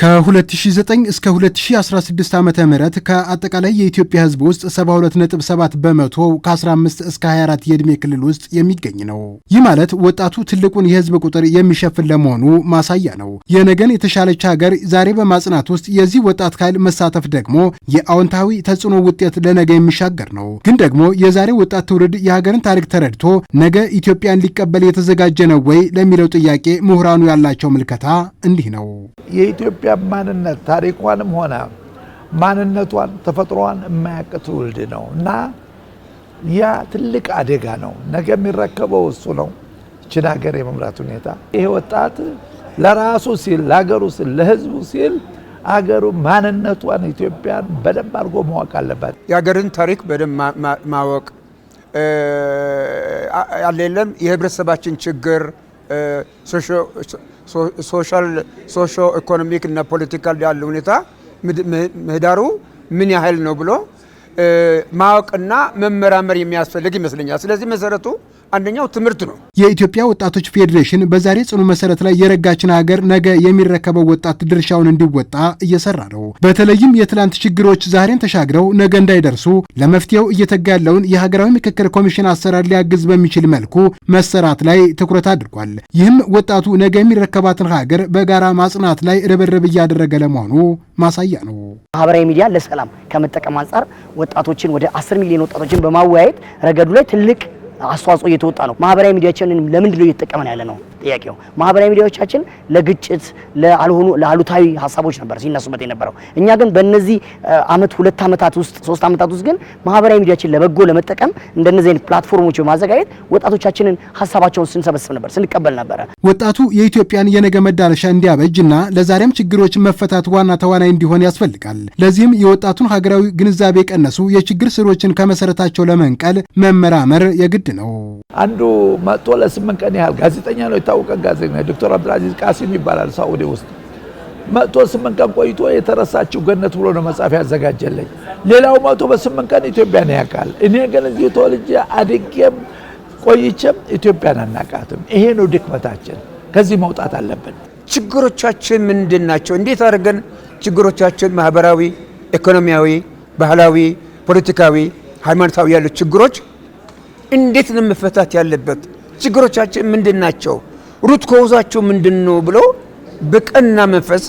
ከ2009 እስከ 2016 ዓ ም ከአጠቃላይ የኢትዮጵያ ሕዝብ ውስጥ 72.7 በመቶ ከ15 እስከ 24 የዕድሜ ክልል ውስጥ የሚገኝ ነው። ይህ ማለት ወጣቱ ትልቁን የሕዝብ ቁጥር የሚሸፍን ለመሆኑ ማሳያ ነው። የነገን የተሻለች ሀገር ዛሬ በማጽናት ውስጥ የዚህ ወጣት ኃይል መሳተፍ ደግሞ የአዎንታዊ ተጽዕኖ ውጤት ለነገ የሚሻገር ነው። ግን ደግሞ የዛሬ ወጣት ትውልድ የሀገርን ታሪክ ተረድቶ ነገ ኢትዮጵያን ሊቀበል የተዘጋጀ ነው ወይ ለሚለው ጥያቄ ምሁራኑ ያላቸው ምልከታ እንዲህ ነው። የኢትዮጵያ ማንነት ታሪኳንም ሆነ ማንነቷን ተፈጥሮዋን የማያውቅ ትውልድ ነው እና ያ ትልቅ አደጋ ነው። ነገ የሚረከበው እሱ ነው። ይችን ሀገር የመምራት ሁኔታ ይሄ ወጣት ለራሱ ሲል ለሀገሩ ሲል ለህዝቡ ሲል አገሩ ማንነቷን ኢትዮጵያን በደንብ አድርጎ ማወቅ አለባት። የሀገርን ታሪክ በደንብ ማወቅ አለ የለም የህብረተሰባችን ችግር ሶሻል ኢኮኖሚክ እና ፖለቲካል ያለ ሁኔታ ምህዳሩ ምን ያህል ነው ብሎ ማወቅና መመራመር የሚያስፈልግ ይመስለኛል። ስለዚህ መሰረቱ አንደኛው ትምህርት ነው። የኢትዮጵያ ወጣቶች ፌዴሬሽን በዛሬ ጽኑ መሰረት ላይ የረጋችን ሀገር ነገ የሚረከበው ወጣት ድርሻውን እንዲወጣ እየሰራ ነው። በተለይም የትላንት ችግሮች ዛሬን ተሻግረው ነገ እንዳይደርሱ ለመፍትሄው እየተጋ ያለውን የሀገራዊ ምክክር ኮሚሽን አሰራር ሊያግዝ በሚችል መልኩ መሰራት ላይ ትኩረት አድርጓል። ይህም ወጣቱ ነገ የሚረከባትን ሀገር በጋራ ማጽናት ላይ ርብርብ እያደረገ ለመሆኑ ማሳያ ነው። ማህበራዊ ሚዲያ ለሰላም ከመጠቀም አንጻር ወጣቶችን ወደ 10 ሚሊዮን ወጣቶችን በማወያየት ረገዱ ላይ ትልቅ አስተዋጽኦ እየተወጣ ነው። ማህበራዊ ሚዲያችንን ለምንድን ነው እየተጠቀምን ያለ ነው ጥያቄው። ማህበራዊ ሚዲያዎቻችን ለግጭት ለአልሆኑ ለአሉታዊ ሀሳቦች ነበር ሲነሱበት የነበረው። እኛ ግን በእነዚህ አመት ሁለት አመታት ውስጥ ሶስት አመታት ውስጥ ግን ማህበራዊ ሚዲያችን ለበጎ ለመጠቀም እንደነዚህ አይነት ፕላትፎርሞች በማዘጋጀት ወጣቶቻችንን ሀሳባቸውን ስንሰበስብ ነበር ስንቀበል ነበረ። ወጣቱ የኢትዮጵያን የነገ መዳረሻ እንዲያበጅና ለዛሬም ችግሮች መፈታት ዋና ተዋናይ እንዲሆን ያስፈልጋል። ለዚህም የወጣቱን ሀገራዊ ግንዛቤ የቀነሱ የችግር ስሮችን ከመሰረታቸው ለመንቀል መመራመር የግድ ግድ ነው። አንዱ መጥቶ ለስምንት ቀን ያህል ጋዜጠኛ ነው፣ የታወቀ ጋዜጠኛ ዶክተር አብዱልአዚዝ ቃሲም ይባላል። ሳኡዲ ውስጥ መጥቶ ስምንት ቀን ቆይቶ የተረሳችው ገነት ብሎ ነው መጽሐፍ ያዘጋጀለኝ። ሌላው መጥቶ በስምንት ቀን ኢትዮጵያን ያውቃል። እኔ ግን እዚህ ተወልጄ አድጌም ቆይቼም ኢትዮጵያን አናቃትም። ይሄ ነው ድክመታችን። ከዚህ መውጣት አለብን። ችግሮቻችን ምንድን ናቸው? እንዴት አድርገን ችግሮቻችን ማህበራዊ፣ ኢኮኖሚያዊ፣ ባህላዊ፣ ፖለቲካዊ፣ ሃይማኖታዊ ያሉ ችግሮች እንዴት ነው መፈታት ያለበት፣ ችግሮቻችን ምንድን ናቸው፣ ሩት ከውዛቸው ምንድን ነው ብሎ በቀና መንፈስ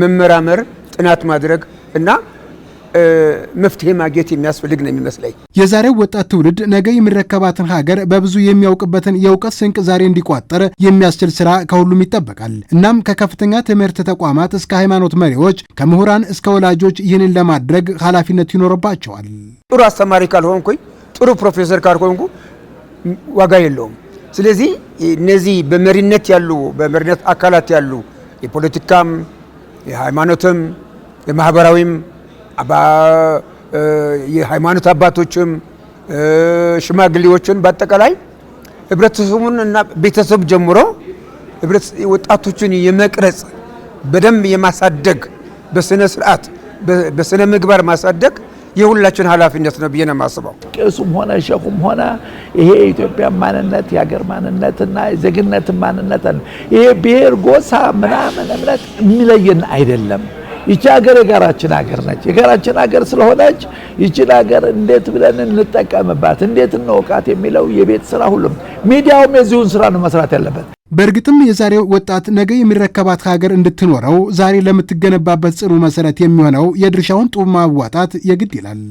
መመራመር፣ ጥናት ማድረግ እና መፍትሄ ማግኘት የሚያስፈልግ ነው የሚመስለኝ። የዛሬው ወጣት ትውልድ ነገ የሚረከባትን ሀገር በብዙ የሚያውቅበትን የእውቀት ስንቅ ዛሬ እንዲቋጠር የሚያስችል ስራ ከሁሉም ይጠበቃል። እናም ከከፍተኛ ትምህርት ተቋማት እስከ ሃይማኖት መሪዎች፣ ከምሁራን እስከ ወላጆች ይህንን ለማድረግ ኃላፊነት ይኖርባቸዋል። ጥሩ አስተማሪ ካልሆንኩኝ ጥሩ ፕሮፌሰር ካልሆንኩ ዋጋ የለውም። ስለዚህ እነዚህ በመሪነት ያሉ በመሪነት አካላት ያሉ የፖለቲካም፣ የሃይማኖትም፣ የማህበራዊም የሃይማኖት አባቶችም ሽማግሌዎችን በአጠቃላይ ህብረተሰቡን እና ቤተሰብ ጀምሮ ወጣቶችን የመቅረጽ በደንብ የማሳደግ በስነ ስርዓት በስነ ምግባር ማሳደግ የሁላችን ኃላፊነት ነው ብዬ ነው የማስበው። ቄሱም ሆነ ሸኹም ሆነ ይሄ የኢትዮጵያ ማንነት የሀገር ማንነትና የዜግነት ማንነት ይሄ ብሔር፣ ጎሳ፣ ምናምን እምነት የሚለየን አይደለም። ይቺ ሀገር የጋራችን ሀገር ነች። የጋራችን ሀገር ስለሆነች ይችን ሀገር እንዴት ብለን እንጠቀምባት፣ እንዴት እንወቃት የሚለው የቤት ስራ ሁሉም ሚዲያውም የዚሁን ስራ ነው መስራት ያለበት። በእርግጥም የዛሬ ወጣት ነገ የሚረከባት ሀገር እንድትኖረው ዛሬ ለምትገነባበት ጽኑ መሰረት የሚሆነው የድርሻውን ጡብ ማዋጣት የግድ ይላል።